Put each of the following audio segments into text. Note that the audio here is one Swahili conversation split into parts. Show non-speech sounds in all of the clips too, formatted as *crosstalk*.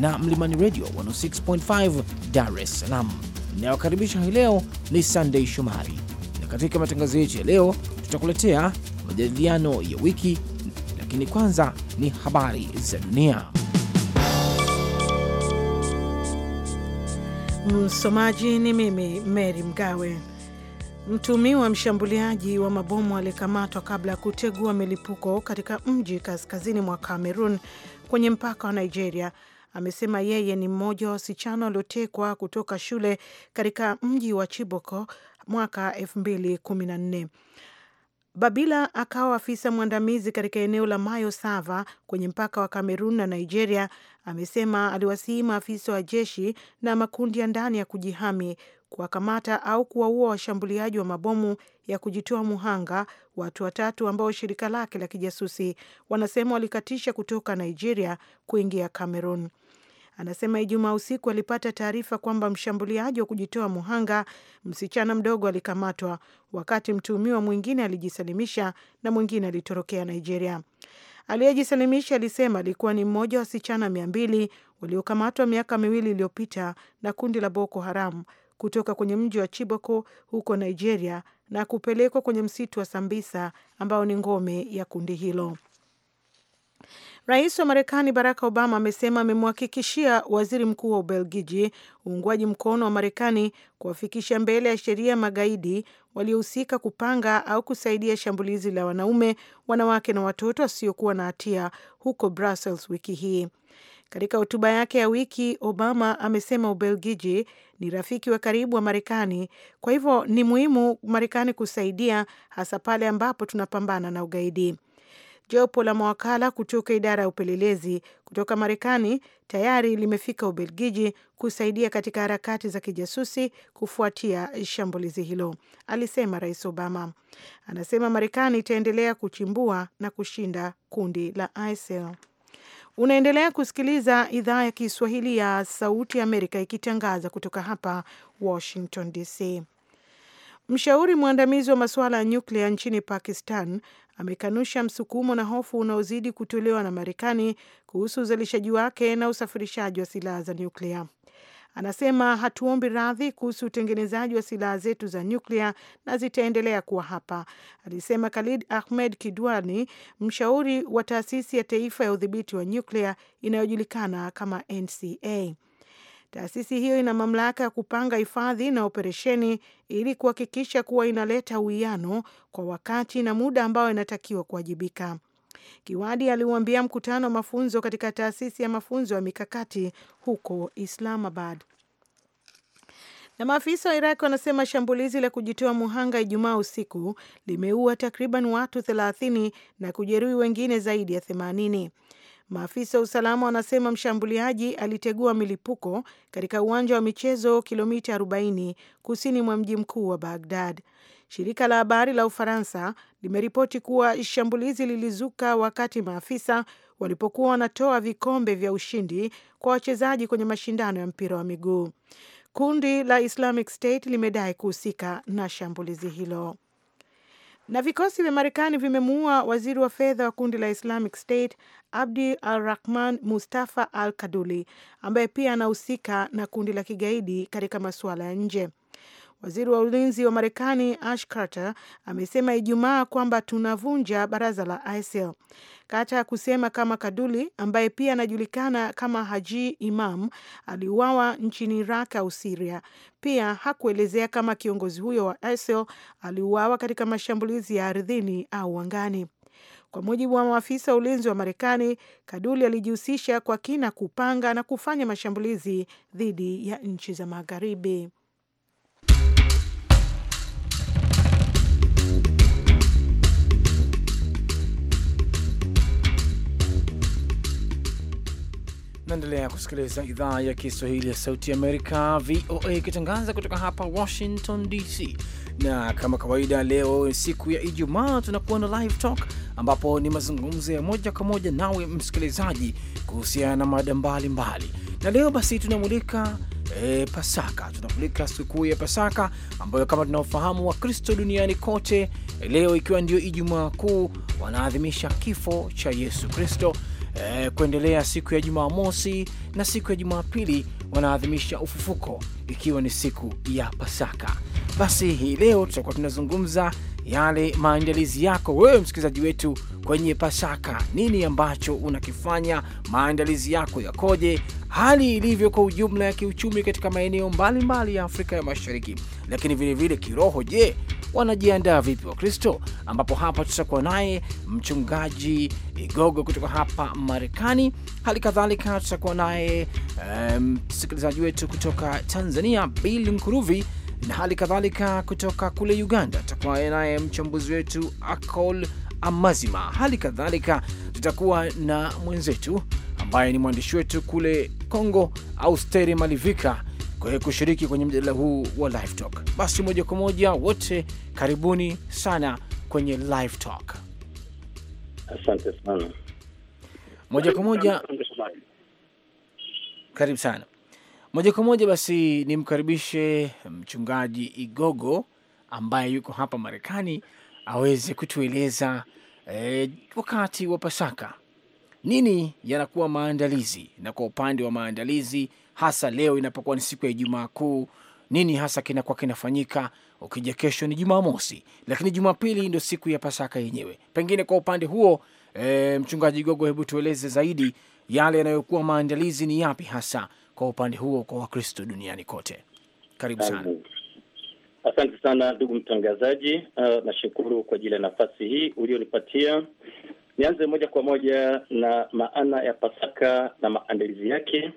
na Mlimani Radio 106.5 Dar es Salaam. Inayokaribisha hii leo ni Sunday Shomari, na katika matangazo yetu ya leo tutakuletea majadiliano ya wiki, lakini kwanza ni habari za dunia. Msomaji ni mimi Mary Mgawe. Mtumiwa mshambuliaji wa mabomu aliyekamatwa kabla ya kutegua milipuko katika mji kaskazini mwa Cameroon kwenye mpaka wa Nigeria amesema yeye ni mmoja wa wasichana waliotekwa kutoka shule katika mji wa Chiboko mwaka elfu mbili kumi na nne. Babila akawa afisa mwandamizi katika eneo la Mayo Sava kwenye mpaka wa Kamerun na Nigeria. Amesema aliwasihi maafisa wa jeshi na makundi ya ndani ya kujihami kuwakamata au kuwaua washambuliaji wa mabomu ya kujitoa muhanga watu watatu ambao shirika lake la kijasusi wanasema walikatisha kutoka Nigeria kuingia Cameroon. Anasema Ijumaa usiku alipata taarifa kwamba mshambuliaji wa kujitoa muhanga msichana mdogo alikamatwa, wakati mtuhumiwa mwingine alijisalimisha na mwingine alitorokea Nigeria. Aliyejisalimisha alisema alikuwa ni mmoja wa wasichana mia mbili waliokamatwa miaka miwili iliyopita na kundi la Boko Haram kutoka kwenye mji wa Chiboko huko Nigeria na kupelekwa kwenye msitu wa Sambisa ambao ni ngome ya kundi hilo. Rais wa Marekani Barack Obama amesema amemhakikishia waziri mkuu wa Ubelgiji uungwaji mkono wa Marekani kuwafikisha mbele ya sheria magaidi waliohusika kupanga au kusaidia shambulizi la wanaume, wanawake na watoto wasiokuwa na hatia huko Brussels wiki hii. Katika hotuba yake ya wiki, Obama amesema Ubelgiji ni rafiki wa karibu wa Marekani, kwa hivyo ni muhimu Marekani kusaidia, hasa pale ambapo tunapambana na ugaidi. Jopo la mawakala kutoka idara ya upelelezi kutoka Marekani tayari limefika Ubelgiji kusaidia katika harakati za kijasusi kufuatia shambulizi hilo, alisema Rais Obama. Anasema Marekani itaendelea kuchimbua na kushinda kundi la ISIL. Unaendelea kusikiliza idhaa ya Kiswahili ya Sauti ya Amerika ikitangaza kutoka hapa Washington DC. Mshauri mwandamizi wa masuala ya nyuklia nchini Pakistan amekanusha msukumo na hofu unaozidi kutolewa na Marekani kuhusu uzalishaji wake na usafirishaji wa silaha za nyuklia. Anasema hatuombi radhi kuhusu utengenezaji wa silaha zetu za nyuklia na zitaendelea kuwa hapa, alisema Khalid Ahmed Kidwani, mshauri wa taasisi ya taifa ya udhibiti wa nyuklia inayojulikana kama NCA. Taasisi hiyo ina mamlaka ya kupanga hifadhi na operesheni ili kuhakikisha kuwa inaleta uwiano kwa wakati na muda ambao inatakiwa kuwajibika. Kiwadi aliuambia mkutano wa mafunzo katika taasisi ya mafunzo ya mikakati huko Islamabad. Na maafisa wa Iraq wanasema shambulizi la kujitoa muhanga Ijumaa usiku limeua takriban watu 30 na kujeruhi wengine zaidi ya 80. Maafisa wa usalama wanasema mshambuliaji alitegua milipuko katika uwanja wa michezo kilomita 40 kusini mwa mji mkuu wa bagdad Shirika la habari la Ufaransa limeripoti kuwa shambulizi lilizuka wakati maafisa walipokuwa wanatoa vikombe vya ushindi kwa wachezaji kwenye mashindano ya mpira wa miguu. Kundi la Islamic State limedai kuhusika na shambulizi hilo. Na vikosi vya Marekani vimemuua waziri wa fedha wa kundi la Islamic State Abdi al Rahman Mustafa al Kaduli, ambaye pia anahusika na kundi la kigaidi katika masuala ya nje. Waziri wa ulinzi wa Marekani Ash Carter amesema Ijumaa kwamba tunavunja baraza la ISIL. Carter kusema kama Kaduli ambaye pia anajulikana kama Haji Imam aliuawa nchini Iraq au Siria. Pia hakuelezea kama kiongozi huyo wa ISIL aliuawa katika mashambulizi ya ardhini au angani. Kwa mujibu wa maafisa wa ulinzi wa Marekani, Kaduli alijihusisha kwa kina kupanga na kufanya mashambulizi dhidi ya nchi za Magharibi. Naendelea kusikiliza idhaa ya Kiswahili ya Sauti Amerika, VOA, ikitangaza kutoka hapa Washington DC. Na kama kawaida, leo siku ya Ijumaa tunakuwa na live talk, ambapo ni mazungumzo ya moja kwa moja nawe msikilizaji kuhusiana na mada mbalimbali. Na leo basi tunamulika e, Pasaka, tunamulika sikukuu ya Pasaka ambayo kama tunaofahamu Wakristo duniani kote leo, ikiwa ndio Ijumaa Kuu, wanaadhimisha kifo cha Yesu Kristo e, kuendelea siku ya Jumamosi na siku ya Jumapili wanaadhimisha ufufuko ikiwa ni siku ya Pasaka. Basi hii leo tutakuwa tunazungumza yale maandalizi yako wewe msikilizaji wetu kwenye Pasaka, nini ambacho unakifanya, maandalizi yako yakoje, hali ilivyo kwa ujumla ya kiuchumi katika maeneo mbalimbali ya Afrika ya Mashariki, lakini vilevile vile kiroho. Je, wanajiandaa vipi Wakristo, ambapo hapa tutakuwa naye mchungaji Igogo kutoka hapa Marekani. Hali kadhalika tutakuwa naye eh, msikilizaji um, wetu kutoka Tanzania Bill Nkuruvi, na hali kadhalika kutoka kule Uganda tutakuwa naye mchambuzi wetu Akol Amazima. Hali kadhalika tutakuwa na mwenzetu ambaye ni mwandishi wetu kule Kongo, Austeri Malivika kushiriki kwenye mjadala huu wa Live Talk. Basi moja kwa moja wote karibuni sana kwenye Live Talk. Asante sana. Moja kwa moja, karibu sana. Moja kwa moja basi nimkaribishe mchungaji Igogo ambaye yuko hapa Marekani aweze kutueleza eh, wakati wa Pasaka nini yanakuwa maandalizi, na kwa upande wa maandalizi hasa leo inapokuwa ni siku ya Ijumaa Kuu, nini hasa kinakuwa kinafanyika? Ukija kesho ni Jumamosi, lakini Jumapili ndio siku ya Pasaka yenyewe. Pengine kwa upande huo e, Mchungaji Gogo, hebu tueleze zaidi yale yanayokuwa maandalizi ni yapi hasa kwa upande huo kwa Wakristo duniani kote. Karibu sana. Asante sana ndugu mtangazaji. Uh, nashukuru kwa ajili ya nafasi hii ulionipatia. Nianze moja kwa moja na maana ya Pasaka na maandalizi yake.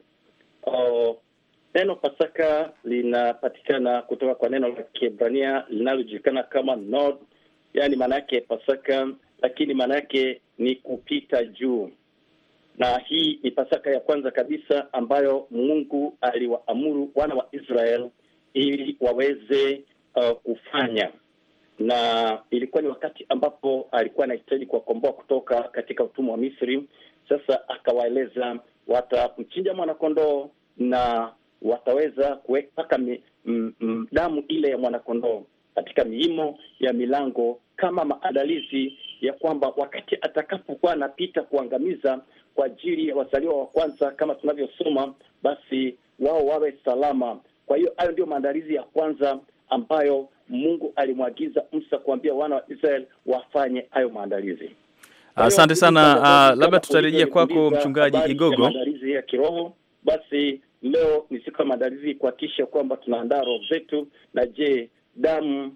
neno Pasaka linapatikana kutoka kwa neno la Kiebrania linalojulikana kama nod, yaani maana yake Pasaka, lakini maana yake ni kupita juu, na hii ni Pasaka ya kwanza kabisa ambayo Mungu aliwaamuru wana wa Israel ili waweze uh, kufanya na ilikuwa ni wakati ambapo alikuwa anahitaji kuwakomboa kutoka katika utumwa wa Misri. Sasa akawaeleza watamchinja mwanakondoo na wataweza kuweka damu ile ya mwanakondoo katika miimo ya milango kama maandalizi ya kwamba wakati atakapokuwa anapita kuangamiza kwa ajili ya wazaliwa wa kwanza kama tunavyosoma, basi wao wawe salama. Kwa hiyo hayo ndio maandalizi ya kwanza ambayo Mungu alimwagiza Musa kuambia wana wa Israel wafanye hayo maandalizi. Asante sana. Uh, labda tutarejea kwako mchungaji Igogo. Maandalizi ya kiroho basi, leo ni siku ya maandalizi kuhakikisha kwamba tunaandaa roho zetu, na je, damu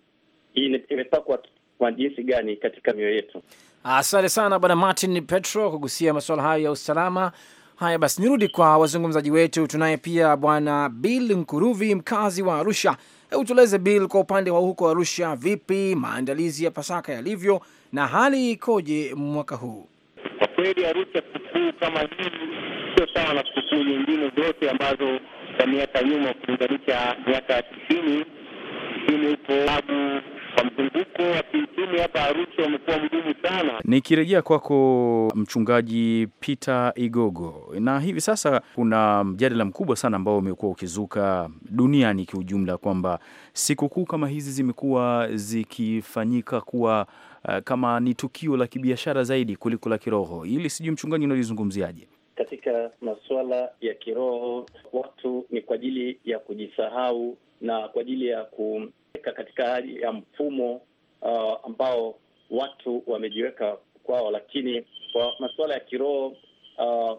imepakwa kwa jinsi gani katika mioyo yetu? Asante sana bwana Martin Petro kugusia masuala hayo ya usalama. Haya basi, nirudi kwa wazungumzaji wetu. Tunaye pia bwana Bill Nkuruvi, mkazi wa Arusha Hebu tueleze Bill, kwa upande wa huko Arusha, vipi maandalizi ya Pasaka yalivyo na hali ikoje mwaka huu? Kwa kweli Arusha sikukuu kama hii sio sawa na sikukuu nyingine zote ambazo za miaka nyuma, ukilinganisha miaka ya tisini tisini huko labu kwa mzunguko wa kiuchumi hapa Arusha umekuwa mgumu sana. Nikirejea kwako Mchungaji Peter Igogo, na hivi sasa kuna mjadala mkubwa sana ambao umekuwa ukizuka duniani kiujumla kwamba sikukuu kama hizi zimekuwa zikifanyika kuwa uh, kama ni tukio la kibiashara zaidi kuliko la kiroho. Ili sijui mchungaji unalizungumziaje? Katika masuala ya kiroho, watu ni kwa ajili ya kujisahau na kwa ajili ya ku katika hali ya mfumo uh, ambao watu wamejiweka kwao, lakini kwa masuala ya kiroho uh,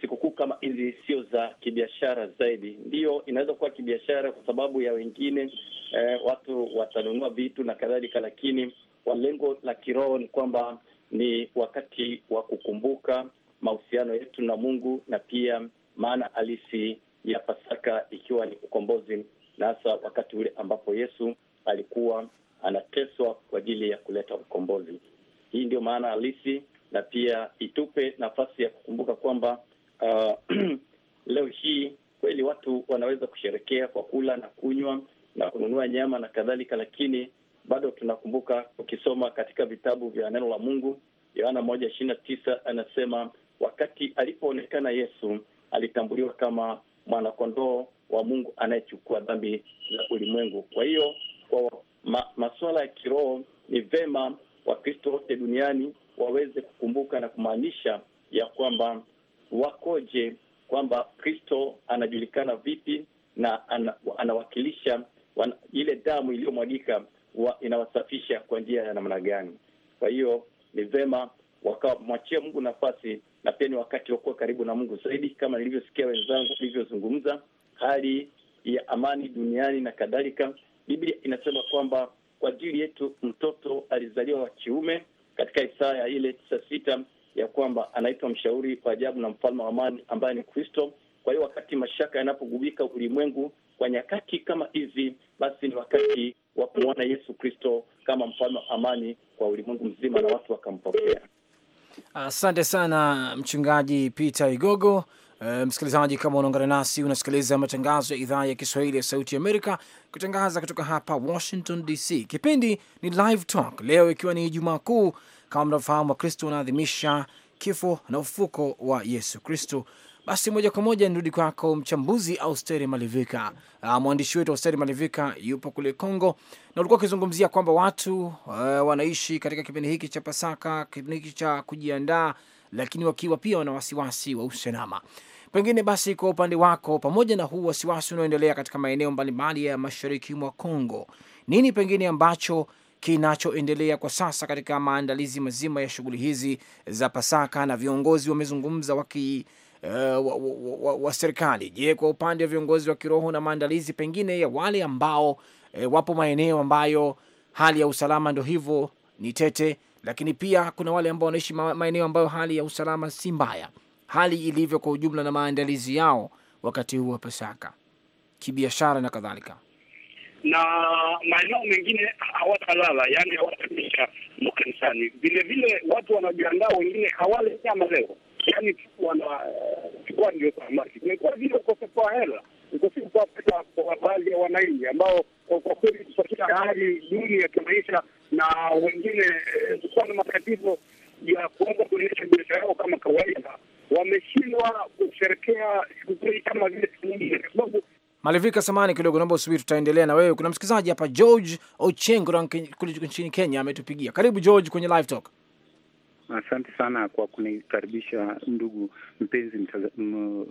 sikukuu kama hizi sio za kibiashara zaidi. Ndiyo, inaweza kuwa kibiashara kwa sababu ya wengine eh, watu watanunua vitu na kadhalika, lakini kwa lengo la kiroho ni kwamba ni wakati wa kukumbuka mahusiano yetu na Mungu na pia maana halisi ya Pasaka ikiwa ni ukombozi na hasa wakati ule ambapo Yesu alikuwa anateswa kwa ajili ya kuleta ukombozi. Hii ndio maana halisi, na pia itupe nafasi ya kukumbuka kwamba uh, *clears throat* leo hii kweli watu wanaweza kusherekea kwa kula na kunywa na kununua nyama na kadhalika, lakini bado tunakumbuka, ukisoma katika vitabu vya neno la Mungu, Yohana moja ishirini na tisa anasema wakati alipoonekana Yesu alitambuliwa kama mwanakondoo wa Mungu anayechukua dhambi za ulimwengu. Kwa hiyo kwa ma, masuala ya kiroho ni vema Wakristo wote duniani waweze kukumbuka na kumaanisha ya kwamba wakoje, kwamba Kristo anajulikana vipi na ana, anawakilisha wana, ile damu iliyomwagika inawasafisha kwa njia ya namna gani. Kwa hiyo ni vema wakamwachia Mungu nafasi, na pia ni wakati wa kuwa karibu na Mungu zaidi, kama nilivyosikia wenzangu walivyozungumza hali ya amani duniani na kadhalika. Biblia inasema kwamba kwa ajili yetu mtoto alizaliwa wa kiume, katika Isaya ile tisa sita ya kwamba anaitwa mshauri wa ajabu na mfalme wa amani, ambaye ni Kristo. Kwa hiyo wakati mashaka yanapogubika ulimwengu kwa nyakati kama hizi, basi ni wakati wa kumwona Yesu Kristo kama mfalme wa amani kwa ulimwengu mzima, na watu wakampokea. Asante sana Mchungaji Peter Igogo. Eh, msikilizaji, kama unaungana nasi, unasikiliza matangazo ya idhaa ya Kiswahili ya Sauti ya Amerika kutangaza kutoka hapa Washington DC. Kipindi ni Live Talk, leo ikiwa ni Ijumaa Kuu. Kama mnavyofahamu, Wakristo wanaadhimisha kifo na ufufuko wa Yesu Kristo. Basi moja kwa moja nirudi kwako mchambuzi Austeri Malivika. Uh, mwandishi wetu Austeri Malivika yupo kule Congo na ulikuwa ukizungumzia kwamba watu uh, wanaishi katika kipindi hiki cha Pasaka, kipindi hiki cha kujiandaa lakini wakiwa pia wana wasiwasi wa usalama. Pengine basi, kwa upande wako, pamoja na huu wasiwasi unaoendelea katika maeneo mbalimbali ya mashariki mwa Kongo, nini pengine ambacho kinachoendelea kwa sasa katika maandalizi mazima ya shughuli hizi za Pasaka na viongozi wamezungumza waki uh, wa, wa, wa, wa serikali. Je, kwa upande wa viongozi wa kiroho na maandalizi pengine ya wale ambao eh, wapo maeneo ambayo hali ya usalama ndo hivyo ni tete, lakini pia kuna wale ambao wanaishi maeneo ambayo hali ya usalama si mbaya, hali ilivyo kwa ujumla na maandalizi yao wakati huu wa Pasaka kibiashara na kadhalika, na maeneo mengine hawatalala, yani hawatapisha makanisani. Vile vile watu wanajiandaa, wengine hawale nyama leo, yani wanachukua ndio samaki, imekuwa vile ukosefu wa hela ukosefu fedha kwa baadhi ya wananchi ambao kwa kweli kufuatia hali duni ya kimaisha na wengine eh, kuwa na matatizo ya kuweza kuendesha biashara yao kama kawaida, wameshindwa kusherekea sikukuu kama vile siku nyingine, kwa sababu Malivika, samani kidogo, naomba usubiri, tutaendelea na wewe. Kuna msikilizaji hapa George Ochengo kule nchini Kenya ametupigia. Karibu George kwenye live talk. Asante sana kwa kunikaribisha ndugu mpenzi mtaza, m,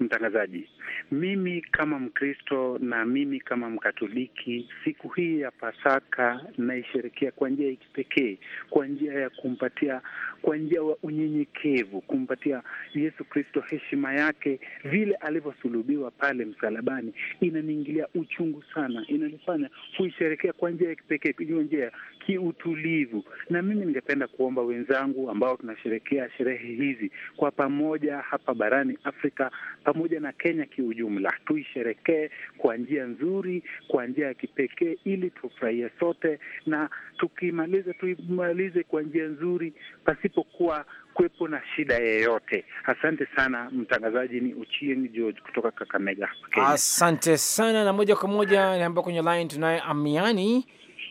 mtangazaji, mimi kama Mkristo na mimi kama Mkatoliki, siku hii ya Pasaka naisherekea kwa njia ya kipekee, kwa njia ya kumpatia, kwa njia wa unyenyekevu, kumpatia Yesu Kristo heshima yake vile alivyosulubiwa pale msalabani. Inaniingilia uchungu sana, inanifanya kuisherekea kwa njia ya kipekee, kwa njia ya kiutulivu. Na mimi ningependa kuomba wenzangu ambao tunasherekea sherehe hizi kwa pamoja hapa barani Afrika pamoja na Kenya kiujumla. Tuisherekee kwa njia nzuri, kwa njia ya kipekee, ili tufurahie sote, na tukimaliza, tuimalize kwa njia nzuri pasipokuwa kuwepo na shida yeyote. Asante sana mtangazaji, ni Uchieng George kutoka Kakamega, Kenya. Asante sana na moja kwa moja namba kwenye line tunaye Amiani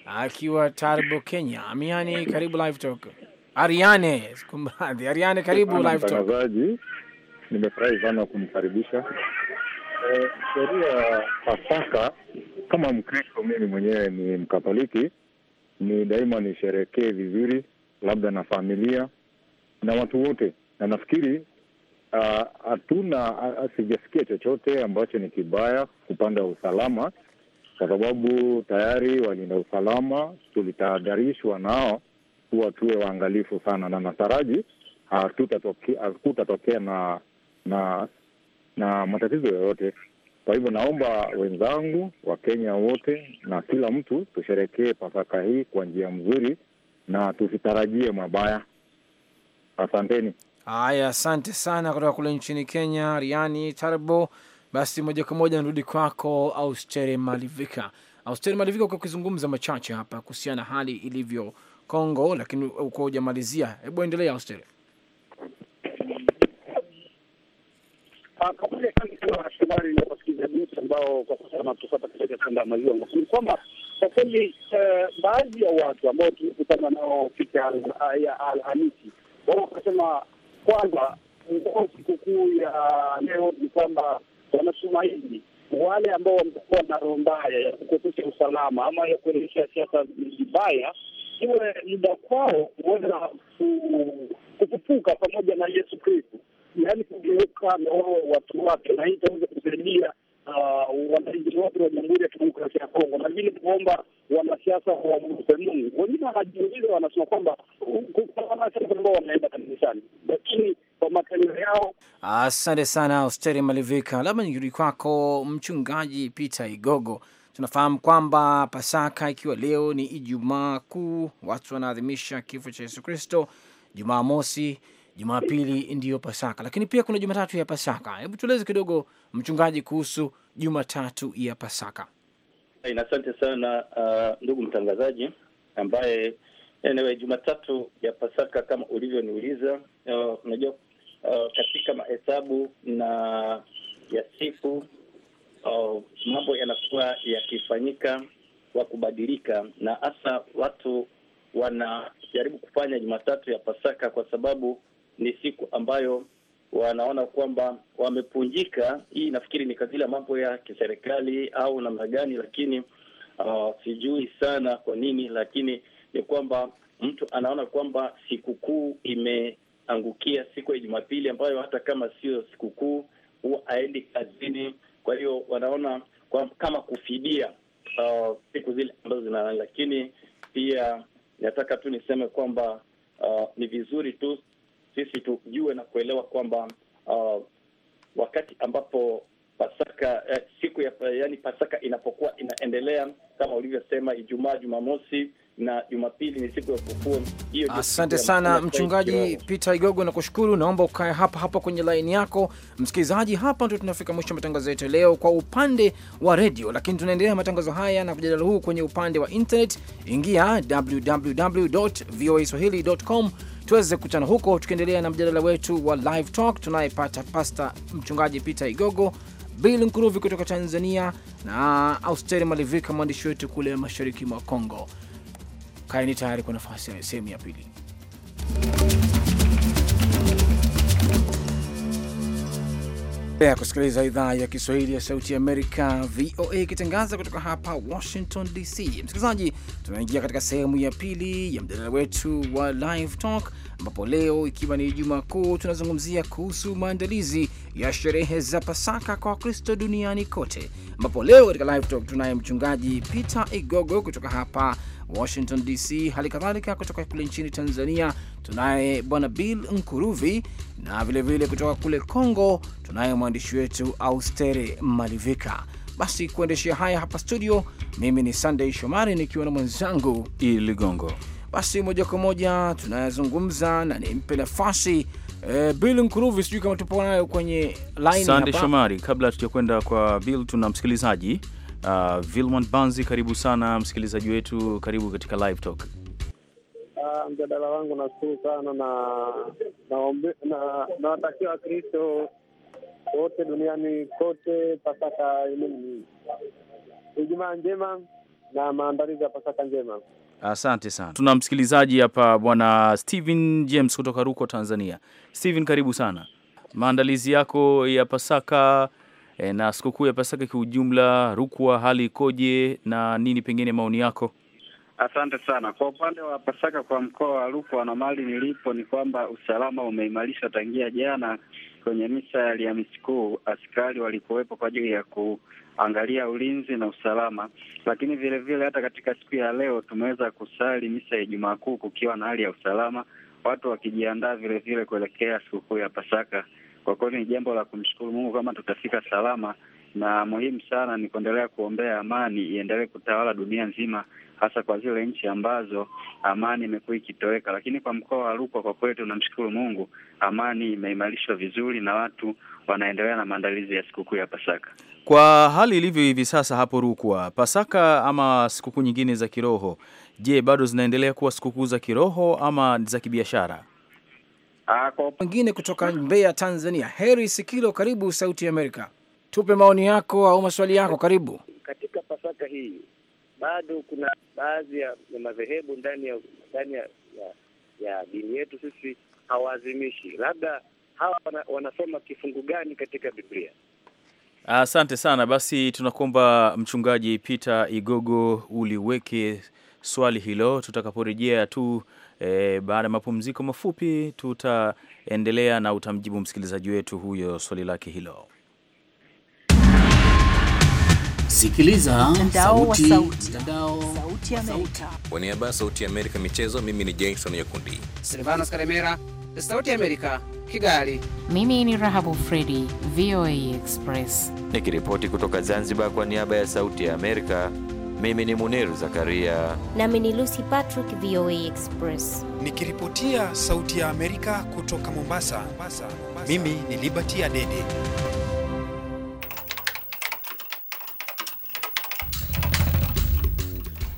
akiwa Tarbo, Kenya. Amiani, karibu live talk. Ariane, kumradhi. Ariane, karibu live talk nimefurahi sana kumkaribisha. E, sheria ya Pasaka kama Mkristo, mimi mwenyewe ni Mkatoliki, ni daima nisherekee vizuri, labda na familia na watu wote, na nafikiri hatuna uh, sijasikia chochote ambacho ni kibaya upande wa usalama, kwa sababu tayari walinda usalama tulitahadharishwa nao kuwa tuwe waangalifu sana, na nataraji hakutatokea na na na matatizo yoyote. Kwa hivyo naomba wenzangu Wakenya wote na kila mtu tusherekee Pasaka hii kwa njia mzuri na tusitarajie mabaya. Asanteni. Haya, asante sana kutoka kule nchini Kenya, Riani Tarbo. Basi moja kwa moja nirudi kwako Austere Malivika. Austere Malivika, kwa ukizungumza machache hapa kuhusiana na hali ilivyo Kongo, lakini uko ujamalizia hebu endelea Austere. Kabla ya kambi wanahabari na wasikilizaji wetu ambao kwa sasa wanatufata katika kanda ya maziwa makuu, kwamba kwa kweli eh, baadhi ya watu ambao tulikutana nao siku ya Alhamisi, wao wakasema kwamba o sikukuu ya leo ni kwamba wanatumaini wale ambao wamekuwa na roho mbaya ya kukosesha usalama ama ya kuendesha siasa mbaya iwe muda kwao kuweza kufufuka pamoja na Yesu kristu yaani kugeuka na wao watu wake, na hii itaweza kusaidia uh, wananchi wote wa Jamhuri ya Kidemokrasia ya Kongo, na vile kuomba wanasiasa wamwombe Mungu. Wengine wanajiuliza, wanasema kwamba kuna wanasiasa ambao wanaenda kanisani, lakini kwa makanio yao. Asante sana Osteri Malivika. Labda nikirudi kwako, Mchungaji Peter Igogo, tunafahamu kwamba Pasaka ikiwa leo ni Ijumaa Kuu, watu wanaadhimisha kifo cha Yesu Kristo. Jumaa mosi Jumapili ndiyo Pasaka, lakini pia kuna Jumatatu ya Pasaka. Hebu tueleze kidogo, mchungaji, kuhusu Jumatatu ya Pasaka. Asante sana uh, ndugu mtangazaji ambaye anyway, Jumatatu ya Pasaka kama ulivyoniuliza, uh, unajua uh, uh, katika mahesabu na ya siku uh, mambo yanakuwa yakifanyika wa kubadilika, na hasa watu wanajaribu kufanya Jumatatu ya Pasaka kwa sababu ni siku ambayo wanaona kwamba wamepunjika. Hii nafikiri ni katika mambo ya kiserikali au namna gani, lakini uh, sijui sana kwa nini, lakini ni kwamba mtu anaona kwamba sikukuu imeangukia siku ya Jumapili ambayo hata kama sio sikukuu huwa aendi kazini. Kwa hiyo wanaona kwa, kama kufidia uh, siku zile ambazo zina, lakini pia nataka tu niseme kwamba uh, ni vizuri tu sisi tujue na kuelewa kwamba uh, wakati ambapo Pasaka eh, siku ya, yani Pasaka inapokuwa inaendelea kama ulivyosema, Ijumaa, Jumamosi na Jumapili ni siku ya kufua. Hiyo asante sana mchungaji Peter Igogo, na kushukuru. Naomba ukae hapa hapa kwenye laini yako. Msikilizaji, hapa ndio tunafika mwisho matangazo yetu leo kwa upande wa redio, lakini tunaendelea matangazo haya na mjadala huu kwenye upande wa internet. Ingia www.voaswahili.com tuweze kukutana huko, tukiendelea na mjadala wetu wa live talk. Tunayepata pasta mchungaji Peter Igogo, Bill Nkuruvi kutoka Tanzania na Austeri Malivika, mwandishi wetu kule mashariki mwa congo kaeni tayari kwa nafasi ya sehemu ya pili. ya kusikiliza idhaa ya Kiswahili ya Sauti ya Amerika, VOA, ikitangaza kutoka hapa Washington DC. Msikilizaji, tunaingia katika sehemu ya pili ya mjadala wetu wa Live Talk, ambapo leo ikiwa ni Ijumaa Kuu, tunazungumzia kuhusu maandalizi ya sherehe za Pasaka kwa Wakristo duniani kote, ambapo leo katika Live Talk tunaye mchungaji Peter Igogo kutoka hapa Washington DC, hali kadhalika kutoka kule nchini Tanzania tunaye bwana Bill Nkuruvi, na vilevile vile kutoka kule Congo tunaye mwandishi wetu Austere Malivika. Basi kuendeshea haya hapa studio, mimi ni Sunday Shomari nikiwa na mwenzangu Ili Ligongo. Basi moja kwa moja tunayazungumza na nimpe nafasi e, Bill Nkuruvi, sijui kama tupo nayo kwenye line Sunday Shomari, kabla tujakwenda kwa Bill, tuna msikilizaji Uh, Vilman Banzi, karibu sana msikilizaji wetu, karibu katika live talk. Uh, mjadala wangu nashukuru sana na nawatakia Wakristo wote duniani kote Pasaka Ijumaa njema na maandalizi ya Pasaka njema. Asante sana. Tuna msikilizaji hapa bwana Steven James kutoka Ruko, Tanzania. Steven, karibu sana. Maandalizi yako ya Pasaka e, na sikukuu ya Pasaka kiujumla, Rukwa, hali ikoje na nini pengine maoni yako? Asante sana. Kwa upande wa Pasaka kwa mkoa wa Rukwa na mali nilipo ni kwamba usalama umeimarishwa tangia jana kwenye misa ya Alhamisi Kuu. Askari walikuwepo kwa ajili ya kuangalia ulinzi na usalama, lakini vile vile hata katika siku ya leo tumeweza kusali misa ya Ijumaa Kuu kukiwa na hali ya usalama, watu wakijiandaa vile vile kuelekea sikukuu ya Pasaka. Kwa kweli ni jambo la kumshukuru Mungu kama tutafika salama, na muhimu sana ni kuendelea kuombea amani iendelee kutawala dunia nzima, hasa kwa zile nchi ambazo amani imekuwa ikitoweka. Lakini kwa mkoa wa Rukwa kwa kweli tunamshukuru Mungu, amani imeimarishwa vizuri na watu wanaendelea na maandalizi ya sikukuu ya Pasaka. Kwa hali ilivyo hivi sasa hapo Rukwa, Pasaka ama sikukuu nyingine za kiroho, je, bado zinaendelea kuwa sikukuu za kiroho ama za kibiashara? Ah, kwa mwingine kutoka Mbeya, Tanzania, Heri Sikilo, karibu Sauti ya Amerika, tupe maoni yako au maswali yako, karibu. Katika Pasaka hii bado kuna baadhi ya madhehebu ndani ya ndani ya, ya, ya dini yetu sisi hawaazimishi, labda hawa wana, wanasoma kifungu gani katika Biblia? Asante sana. Basi tunakuomba Mchungaji Peter Igogo uliweke swali hilo tutakaporejea tu E, baada ya mapumziko mafupi tutaendelea na utamjibu msikilizaji wetu huyo swali lake hilo. Sikiliza sauti, sauti. Mtandao sauti Amerika. Kwa niaba ya sauti ya Amerika michezo, mimi ni Jason Yakundi. Silvanos Karemera, sauti ya Amerika Kigali. Mimi ni Rahabu Fredi, VOA Express nikiripoti kutoka Zanzibar kwa niaba ya sauti ya Amerika. Mimi ni Muniru Zakaria, nami ni Lucy Patrick, VOA Express nikiripotia Sauti ya Amerika kutoka Mombasa. Mombasa. Mombasa. Mimi ni Liberty Adede.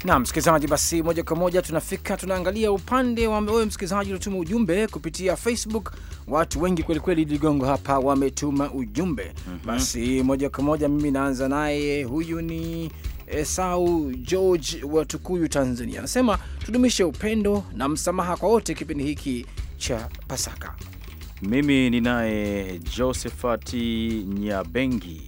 Na msikilizaji, basi moja kwa moja tunafika tunaangalia upande wa wewe msikilizaji uliotuma ujumbe kupitia Facebook. Watu wengi kwelikweli, ligongo hapa wametuma ujumbe mm -hmm. Basi moja kwa moja mimi naanza naye, huyu ni Esau George wa Tukuyu, Tanzania, anasema tudumishe upendo na msamaha kwa wote kipindi hiki cha Pasaka. Mimi ni naye Nyabengi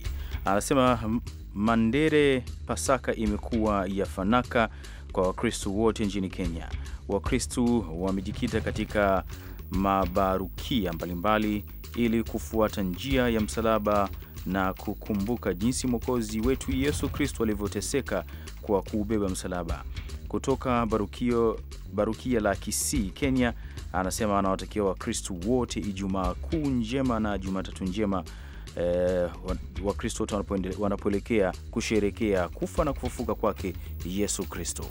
anasema Mandere, Pasaka imekuwa ya fanaka kwa Wakristu wote nchini Kenya. Wakristu wamejikita katika mabarukia mbalimbali ili kufuata njia ya msalaba na kukumbuka jinsi Mwokozi wetu Yesu Kristo alivyoteseka kwa kuubeba msalaba. Kutoka Barukio, Barukia la Kisii, Kenya, anasema anawatakia Wakristo wote Ijumaa Kuu njema na Jumatatu njema. Eh, Wakristo wote wanapoelekea kusherekea kufa na kufufuka kwake Yesu Kristo.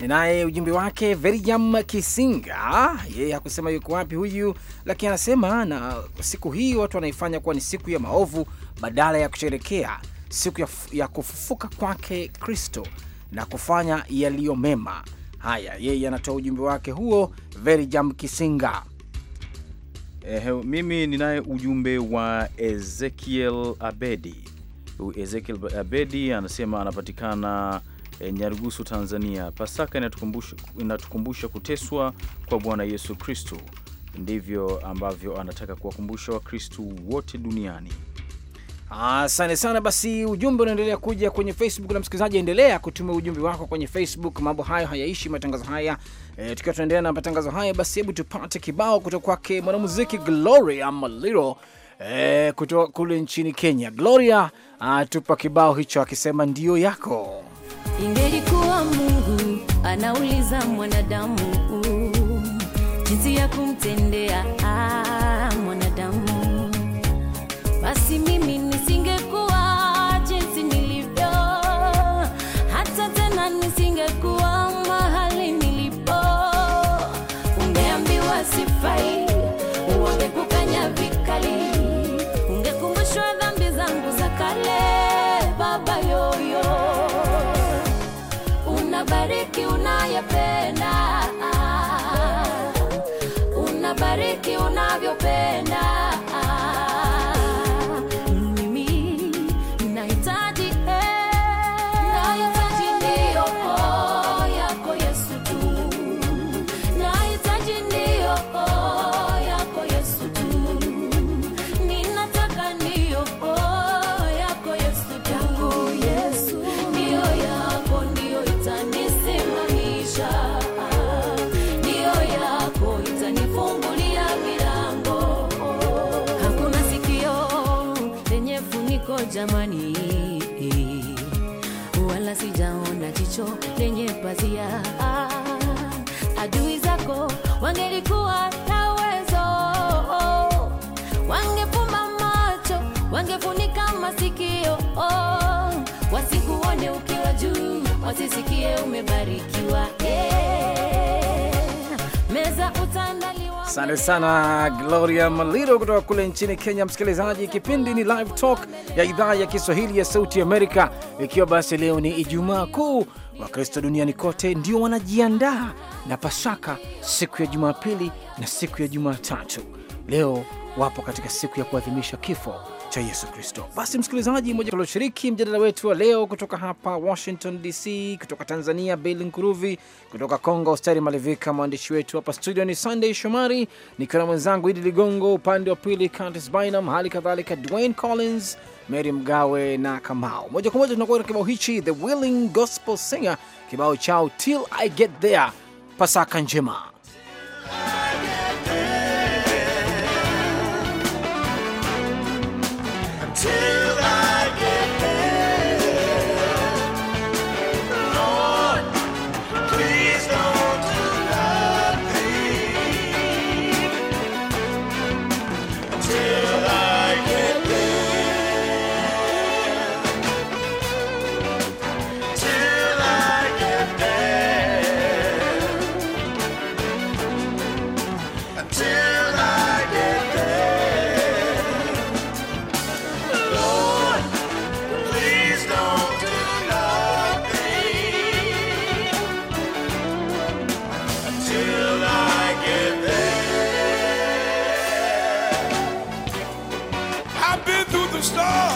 ninaye ujumbe wake Veriam Kisinga, yeye hakusema yuko wapi huyu, lakini anasema na siku hii watu wanaifanya kuwa ni siku ya maovu badala ya kusherekea siku ya, ya kufufuka kwake Kristo na kufanya yaliyo mema. Haya, yeye anatoa ujumbe wake huo Verijam Kisinga. Eh, mimi ninaye ujumbe wa Ezekiel Abedi. Ezekiel Abedi anasema anapatikana eh, Nyarugusu, Tanzania. Pasaka inatukumbusha, inatukumbusha kuteswa kwa Bwana Yesu Kristu, ndivyo ambavyo anataka kuwakumbusha Wakristu wote duniani. Asante sana. Basi ujumbe unaendelea kuja kwenye Facebook na msikilizaji, endelea kutuma ujumbe wako kwenye Facebook. Mambo hayo hayaishi, matangazo haya e, tukiwa tunaendelea na matangazo haya, basi hebu tupate kibao kutoka kwake mwanamuziki Gloria Maliro e, kutoka kule nchini Kenya. Gloria atupa kibao hicho akisema ndiyo yako. Ingelikuwa Mungu anauliza mwanadamu jinsi ya kumtendea ah, mwanadamu basi mimi wala sijaona jicho lenye pazia. Ah, adui zako wangelikuwa na uwezo, wangefumba macho, wangefunika masikio, oh, wasikuone ukiwa juu, wasisikie umebarikiwa, meza utanda Asante sana Gloria Maliro kutoka kule nchini Kenya. Msikilizaji, kipindi ni Live Talk ya idhaa ya Kiswahili ya Sauti Amerika, ikiwa basi leo ni Ijumaa Kuu. Wakristo duniani kote ndio wanajiandaa na Pasaka siku ya Jumapili na siku ya Jumatatu. Leo wapo katika siku ya kuadhimisha kifo cha Yesu Kristo. Basi msikilizaji, moja tulioshiriki mjadala wetu wa leo kutoka hapa Washington DC, kutoka Tanzania Beli Nkuruvi, kutoka congo Austari Malivika, mwandishi wetu hapa studio ni Sunday Shomari, nikiwa na mwenzangu Idi Ligongo upande wa pili, Curtis Bynum, hali kadhalika Dwayne Collins, Mary Mgawe na Kamau. Moja kwa moja tunakuwa na kibao hichi The Willing Gospel Singer, kibao chao Till I Get There. Pasaka njema. superstar.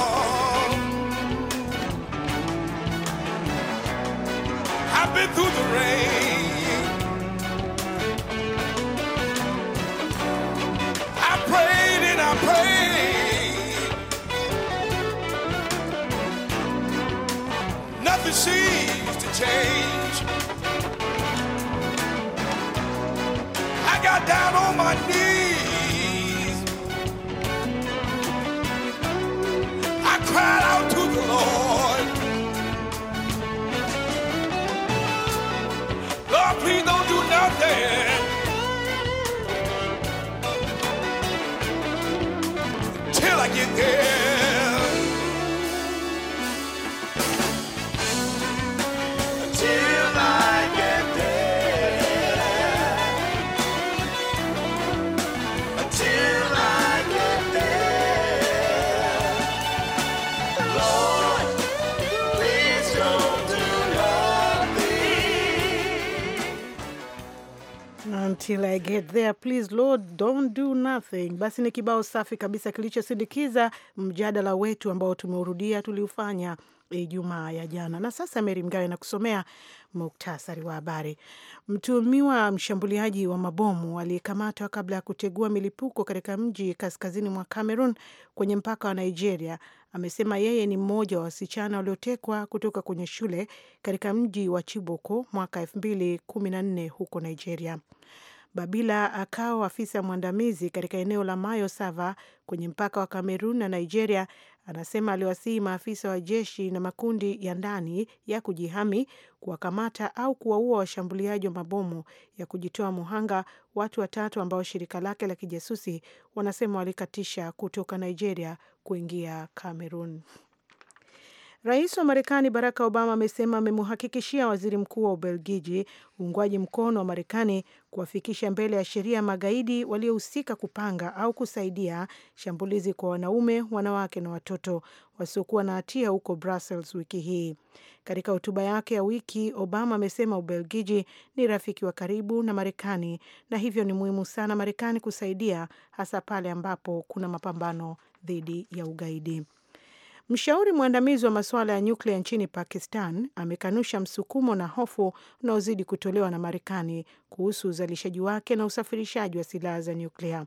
I've been through the rain. I prayed and I prayed. Nothing seems to change. I got down on my knees. cried out to the Lord. Lord, please don't do nothing till I get there. Till I get there, please Lord, don't do nothing. Basi ni kibao safi kabisa kilichosindikiza mjadala wetu ambao tumeurudia tuliufanya Ijumaa ya jana. Na sasa Meri Mgawe na kusomea muktasari wa habari. Mtuhumiwa mshambuliaji wa mabomu aliyekamatwa kabla ya kutegua milipuko katika mji kaskazini mwa Cameroon kwenye mpaka wa Nigeria amesema yeye ni mmoja wa wasichana waliotekwa kutoka kwenye shule katika mji wa Chiboko mwaka elfu mbili kumi na nne huko Nigeria. Babila akawa afisa mwandamizi katika eneo la Mayo Sava kwenye mpaka wa Kamerun na Nigeria. Anasema aliwasihi maafisa wa jeshi na makundi ya ndani ya kujihami kuwakamata au kuwaua washambuliaji wa mabomu ya kujitoa muhanga, watu watatu ambao shirika lake la kijasusi wanasema walikatisha kutoka Nigeria kuingia Kamerun. Rais wa Marekani Barack Obama amesema amemhakikishia waziri mkuu wa Ubelgiji uungwaji mkono wa Marekani kuwafikisha mbele ya sheria magaidi waliohusika kupanga au kusaidia shambulizi kwa wanaume, wanawake na watoto wasiokuwa na hatia huko Brussels wiki hii. Katika hotuba yake ya wiki, Obama amesema Ubelgiji ni rafiki wa karibu na Marekani na hivyo ni muhimu sana Marekani kusaidia, hasa pale ambapo kuna mapambano dhidi ya ugaidi. Mshauri mwandamizi wa masuala ya nyuklia nchini Pakistan amekanusha msukumo na hofu unaozidi kutolewa na Marekani kuhusu uzalishaji wake na usafirishaji wa silaha za nyuklia.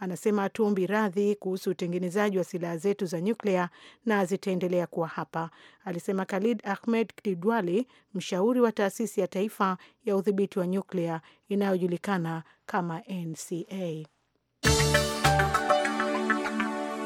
Anasema hatuombi radhi kuhusu utengenezaji wa silaha zetu za nyuklia na zitaendelea kuwa hapa, alisema Khalid Ahmed Kidwali, mshauri wa taasisi ya taifa ya udhibiti wa nyuklia inayojulikana kama NCA.